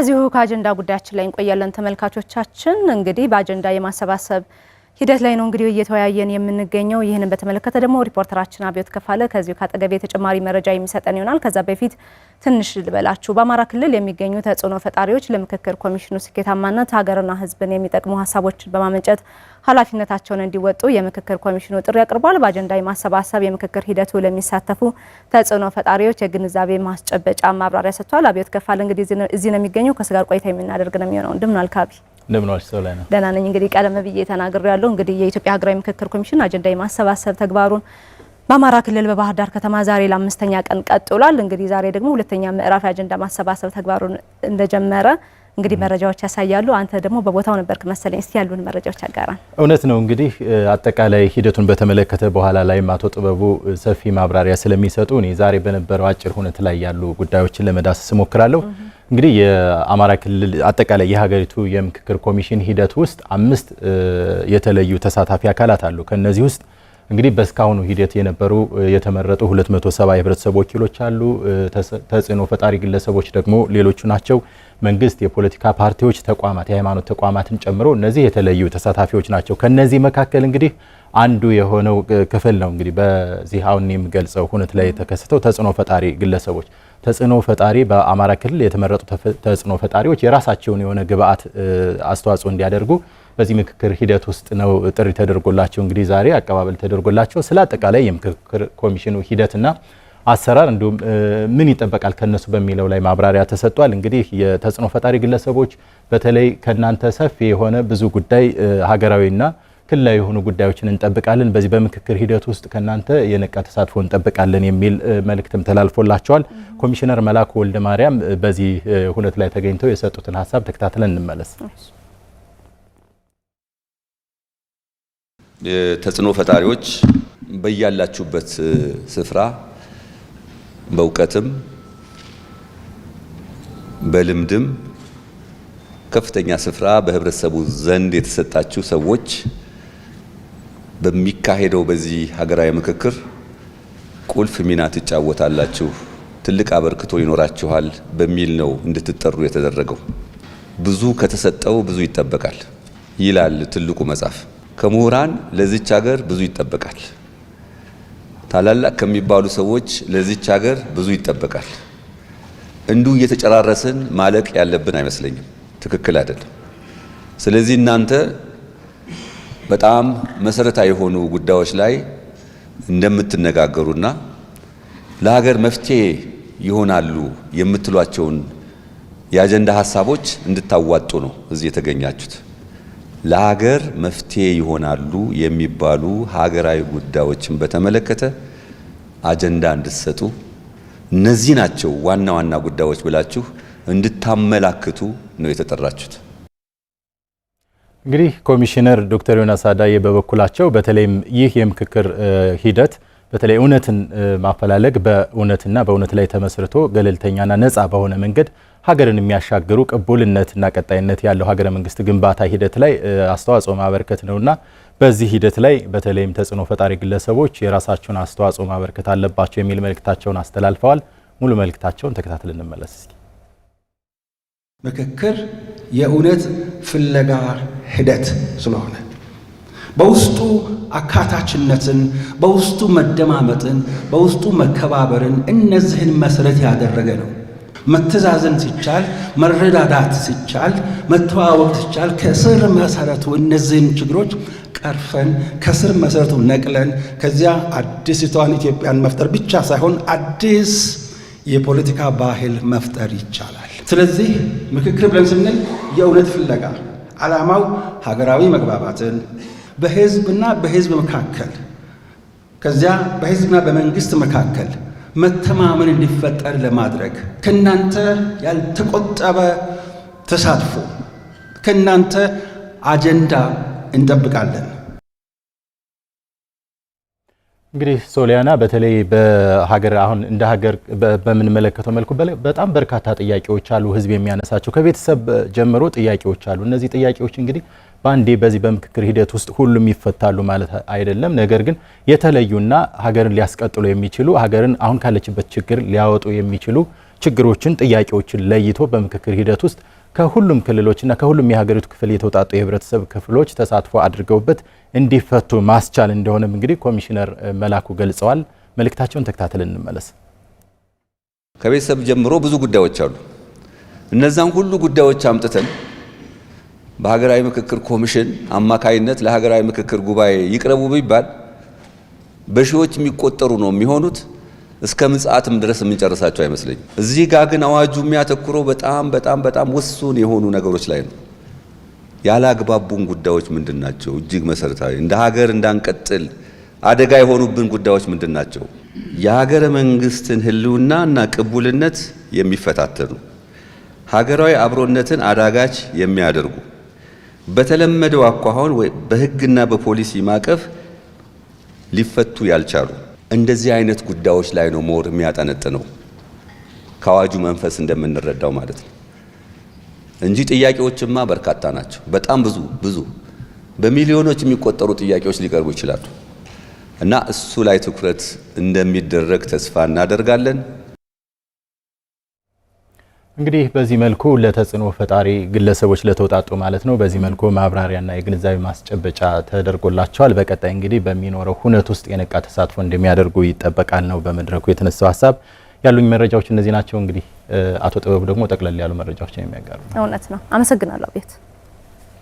እዚሁ ከአጀንዳ ጉዳያችን ላይ እንቆያለን ተመልካቾቻችን። እንግዲህ በአጀንዳ የማሰባሰብ ሂደት ላይ ነው እንግዲህ እየተወያየን የምንገኘው። ይህንን በተመለከተ ደግሞ ሪፖርተራችን አብዮት ከፋለ ከዚሁ ከአጠገቤ ተጨማሪ መረጃ የሚሰጠን ይሆናል። ከዛ በፊት ትንሽ ልበላችሁ። በአማራ ክልል የሚገኙ ተጽዕኖ ፈጣሪዎች ለምክክር ኮሚሽኑ ስኬታማነት ሀገርና ሕዝብን የሚጠቅሙ ሀሳቦችን በማመንጨት ኃላፊነታቸውን እንዲወጡ የምክክር ኮሚሽኑ ጥሪ አቅርቧል። በአጀንዳ የማሰባሰብ የምክክር ሂደቱ ለሚሳተፉ ተጽዕኖ ፈጣሪዎች የግንዛቤ ማስጨበጫ ማብራሪያ ሰጥቷል። አብዮት ከፋለ እንግዲህ እዚህ ነው የሚገኘው። ከስጋር ቆይታ የምናደርግ ነው የሚሆነው። እንደምን አልካቢ እንደምንዋል ሰው ላይ ደህና ነኝ። እንግዲህ ቀደም ብዬ ተናግሬ ያለው እንግዲህ የኢትዮጵያ ሀገራዊ ምክክር ኮሚሽን አጀንዳ የማሰባሰብ ተግባሩን በአማራ ክልል በባህር ዳር ከተማ ዛሬ ለአምስተኛ ቀን ቀጥሏል። እንግዲህ ዛሬ ደግሞ ሁለተኛ ምዕራፍ የአጀንዳ ማሰባሰብ ተግባሩን እንደጀመረ እንግዲህ መረጃዎች ያሳያሉ። አንተ ደግሞ በቦታው ነበርክ መሰለኝ። እስቲ ያሉን መረጃዎች አጋራን። እውነት ነው እንግዲህ አጠቃላይ ሂደቱን በተመለከተ በኋላ ላይም አቶ ጥበቡ ሰፊ ማብራሪያ ስለሚሰጡ እኔ ዛሬ በነበረው አጭር ሁነት ላይ ያሉ ጉዳዮችን ለመዳሰስ እሞክራለሁ። እንግዲህ የአማራ ክልል አጠቃላይ የሀገሪቱ የምክክር ኮሚሽን ሂደት ውስጥ አምስት የተለዩ ተሳታፊ አካላት አሉ። ከነዚህ ውስጥ እንግዲህ በእስካሁኑ ሂደት የነበሩ የተመረጡ 270 የህብረተሰብ ወኪሎች አሉ። ተጽዕኖ ፈጣሪ ግለሰቦች ደግሞ ሌሎቹ ናቸው። መንግስት፣ የፖለቲካ ፓርቲዎች፣ ተቋማት፣ የሃይማኖት ተቋማትን ጨምሮ እነዚህ የተለዩ ተሳታፊዎች ናቸው። ከነዚህ መካከል እንግዲህ አንዱ የሆነው ክፍል ነው እንግዲህ በዚህ አሁን የምገልጸው ሁነት ላይ የተከሰተው ተጽዕኖ ፈጣሪ ግለሰቦች ተጽዕኖ ፈጣሪ በአማራ ክልል የተመረጡ ተጽዕኖ ፈጣሪዎች የራሳቸውን የሆነ ግብአት አስተዋጽኦ እንዲያደርጉ በዚህ ምክክር ሂደት ውስጥ ነው ጥሪ ተደርጎላቸው እንግዲህ ዛሬ አቀባበል ተደርጎላቸው ስለ አጠቃላይ የምክክር ኮሚሽኑ ሂደትና አሰራር እንዲሁም ምን ይጠበቃል ከነሱ በሚለው ላይ ማብራሪያ ተሰጥቷል። እንግዲህ የተጽዕኖ ፈጣሪ ግለሰቦች በተለይ ከእናንተ ሰፊ የሆነ ብዙ ጉዳይ ሀገራዊና ክልላዊ የሆኑ ጉዳዮችን እንጠብቃለን፣ በዚህ በምክክር ሂደት ውስጥ ከእናንተ የነቃ ተሳትፎ እንጠብቃለን የሚል መልእክትም ተላልፎላቸዋል። ኮሚሽነር መላኩ ወልደ ማርያም በዚህ ሁነት ላይ ተገኝተው የሰጡትን ሀሳብ ተከታትለን እንመለስ። ተጽዕኖ ፈጣሪዎች በያላችሁበት ስፍራ በእውቀትም በልምድም ከፍተኛ ስፍራ በህብረተሰቡ ዘንድ የተሰጣችሁ ሰዎች በሚካሄደው በዚህ ሀገራዊ ምክክር ቁልፍ ሚና ትጫወታላችሁ፣ ትልቅ አበርክቶ ይኖራችኋል በሚል ነው እንድትጠሩ የተደረገው። ብዙ ከተሰጠው ብዙ ይጠበቃል ይላል ትልቁ መጽሐፍ። ከምሁራን ለዚች ሀገር ብዙ ይጠበቃል። ታላላቅ ከሚባሉ ሰዎች ለዚች ሀገር ብዙ ይጠበቃል። እንዱ እየተጨራረስን ማለቅ ያለብን አይመስለኝም፣ ትክክል አይደለም። ስለዚህ እናንተ በጣም መሰረታዊ የሆኑ ጉዳዮች ላይ እንደምትነጋገሩና ለሀገር መፍትሄ ይሆናሉ የምትሏቸውን የአጀንዳ ሀሳቦች እንድታዋጡ ነው እዚህ የተገኛችሁት። ለሀገር መፍትሄ ይሆናሉ የሚባሉ ሀገራዊ ጉዳዮችን በተመለከተ አጀንዳ እንድትሰጡ እነዚህ ናቸው ዋና ዋና ጉዳዮች ብላችሁ እንድታመላክቱ ነው የተጠራችሁት። እንግዲህ ኮሚሽነር ዶክተር ዮናስ አዳዬ በበኩላቸው በተለይም ይህ የምክክር ሂደት በተለይ እውነትን ማፈላለግ በእውነትና በእውነት ላይ ተመስርቶ ገለልተኛና ነፃ በሆነ መንገድ ሀገርን የሚያሻግሩ ቅቡልነትና ቀጣይነት ያለው ሀገረ መንግስት ግንባታ ሂደት ላይ አስተዋጽኦ ማበረከት ነውና በዚህ ሂደት ላይ በተለይም ተጽዕኖ ፈጣሪ ግለሰቦች የራሳቸውን አስተዋጽኦ ማበረከት አለባቸው የሚል መልእክታቸውን አስተላልፈዋል። ሙሉ መልእክታቸውን ተከታትል እንመለስ። እስኪ ምክክር የእውነት ፍለጋ ሂደት ስለሆነ በውስጡ አካታችነትን፣ በውስጡ መደማመጥን፣ በውስጡ መከባበርን እነዚህን መሰረት ያደረገ ነው። መተዛዘን ሲቻል፣ መረዳዳት ሲቻል፣ መተዋወቅ ሲቻል ከስር መሰረቱ እነዚህን ችግሮች ቀርፈን ከስር መሰረቱ ነቅለን ከዚያ አዲሲቷን ኢትዮጵያን መፍጠር ብቻ ሳይሆን አዲስ የፖለቲካ ባህል መፍጠር ይቻላል። ስለዚህ ምክክር ብለን ስንል የእውነት ፍለጋ ዓላማው ሀገራዊ መግባባትን በህዝብና በህዝብ መካከል ከዚያ በህዝብና በመንግስት መካከል መተማመን እንዲፈጠር ለማድረግ ከእናንተ ያልተቆጠበ ተሳትፎ ከእናንተ አጀንዳ እንጠብቃለን። እንግዲህ ሶሊያና በተለይ በሀገር አሁን እንደ ሀገር በምንመለከተው መልኩ በጣም በርካታ ጥያቄዎች አሉ። ህዝብ የሚያነሳቸው ከቤተሰብ ጀምሮ ጥያቄዎች አሉ። እነዚህ ጥያቄዎች እንግዲህ በአንዴ በዚህ በምክክር ሂደት ውስጥ ሁሉም ይፈታሉ ማለት አይደለም። ነገር ግን የተለዩና ሀገርን ሊያስቀጥሉ የሚችሉ ሀገርን አሁን ካለችበት ችግር ሊያወጡ የሚችሉ ችግሮችን፣ ጥያቄዎችን ለይቶ በምክክር ሂደት ውስጥ ከሁሉም ክልሎችና ከሁሉም የሀገሪቱ ክፍል የተውጣጡ የህብረተሰብ ክፍሎች ተሳትፎ አድርገውበት እንዲፈቱ ማስቻል እንደሆነም እንግዲህ ኮሚሽነር መላኩ ገልጸዋል። መልእክታቸውን ተከታተል እንመለስ። ከቤተሰብ ጀምሮ ብዙ ጉዳዮች አሉ። እነዛን ሁሉ ጉዳዮች አምጥተን በሀገራዊ ምክክር ኮሚሽን አማካይነት ለሀገራዊ ምክክር ጉባኤ ይቅረቡ ቢባል በሺዎች የሚቆጠሩ ነው የሚሆኑት። እስከ ምጽአትም ድረስ የምንጨርሳቸው አይመስለኝም። እዚህ ጋ ግን አዋጁ የሚያተኩረው በጣም በጣም በጣም ውሱን የሆኑ ነገሮች ላይ ነው። ያላግባቡን ጉዳዮች ምንድን ናቸው? እጅግ መሰረታዊ እንደ ሀገር እንዳንቀጥል አደጋ የሆኑብን ጉዳዮች ምንድን ናቸው? የሀገረ መንግስትን ህልውና እና ቅቡልነት የሚፈታተኑ ሀገራዊ አብሮነትን አዳጋች የሚያደርጉ በተለመደው አኳኋን በህግና በፖሊሲ ማዕቀፍ ሊፈቱ ያልቻሉ እንደዚህ አይነት ጉዳዮች ላይ ነው ሞር የሚያጠነጥነው ከአዋጁ መንፈስ እንደምንረዳው ማለት ነው እንጂ ጥያቄዎችማ በርካታ ናቸው። በጣም ብዙ ብዙ በሚሊዮኖች የሚቆጠሩ ጥያቄዎች ሊቀርቡ ይችላሉ እና እሱ ላይ ትኩረት እንደሚደረግ ተስፋ እናደርጋለን። እንግዲህ በዚህ መልኩ ለተጽዕኖ ፈጣሪ ግለሰቦች ለተውጣጡ ማለት ነው። በዚህ መልኩ ማብራሪያና የግንዛቤ ማስጨበጫ ተደርጎላቸዋል። በቀጣይ እንግዲህ በሚኖረው ሁነት ውስጥ የነቃ ተሳትፎ እንደሚያደርጉ ይጠበቃል ነው በመድረኩ የተነሳው ሀሳብ። ያሉኝ መረጃዎች እነዚህ ናቸው። እንግዲህ አቶ ጥበቡ ደግሞ ጠቅለል ያሉ መረጃዎችን የሚያጋሩ እውነት ነው። አመሰግናለሁ ቤት